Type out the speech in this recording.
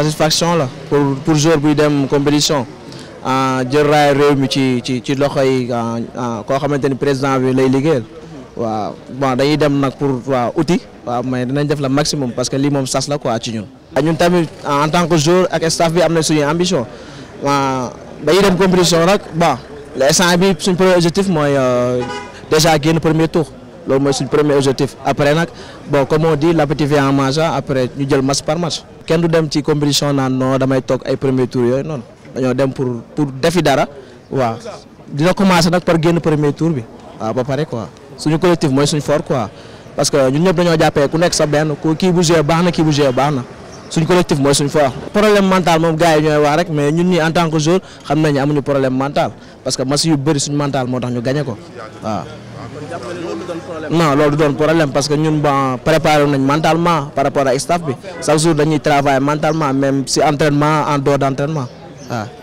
satisfaction là pour pour joueur buy dem compétition ah, jël raay réew mi ci ci ci loxo yi ah, ah, koo xamante ni président bi lay liggéeyal waaw bon dañuy dem nag pour waaw outil waaw mais dinañ def la maximum parce que lii moom sas la quoi ci ñun. ñun tamit en tant que joueur ak staff bi am na suñu ambition dañuy dem compétition rek bon l'instant bi suñ premier objectif mooy euh, déjà génn premier tour loolu mooy suñ premier objectif après nag bon comme on dit l'appétit vient en mangeant après ñu jël match par match. kenn du dem ci compétition naan non damay toog ay premier tour yooyu noonu dañoo dem pour pour defi dara waaw dina commencer nag par génn premier tour bi waaw ba pare quoi suñu collectif mooy suñu fort quoi parce que ñun ñëpp dañoo jàppee ku nekk sa benn ku kii bu joué baax na kii bu joué baax na. suñ collectif moy suñ foi problème mental mom gaay ñoy wa rek mais ñun ni en tant que joueur xam nañ amuñu problème mental parce que masse yu bari suñ mental motax ñu gagné ko wa non lolu doon problème parce que ñun ba préparé nañ mentalement par rapport à staff bi chaque jour dañuy travailler mentalement même si entraînement en dehors d'entraînement ah.